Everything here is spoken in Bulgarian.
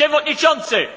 Przewodniczący!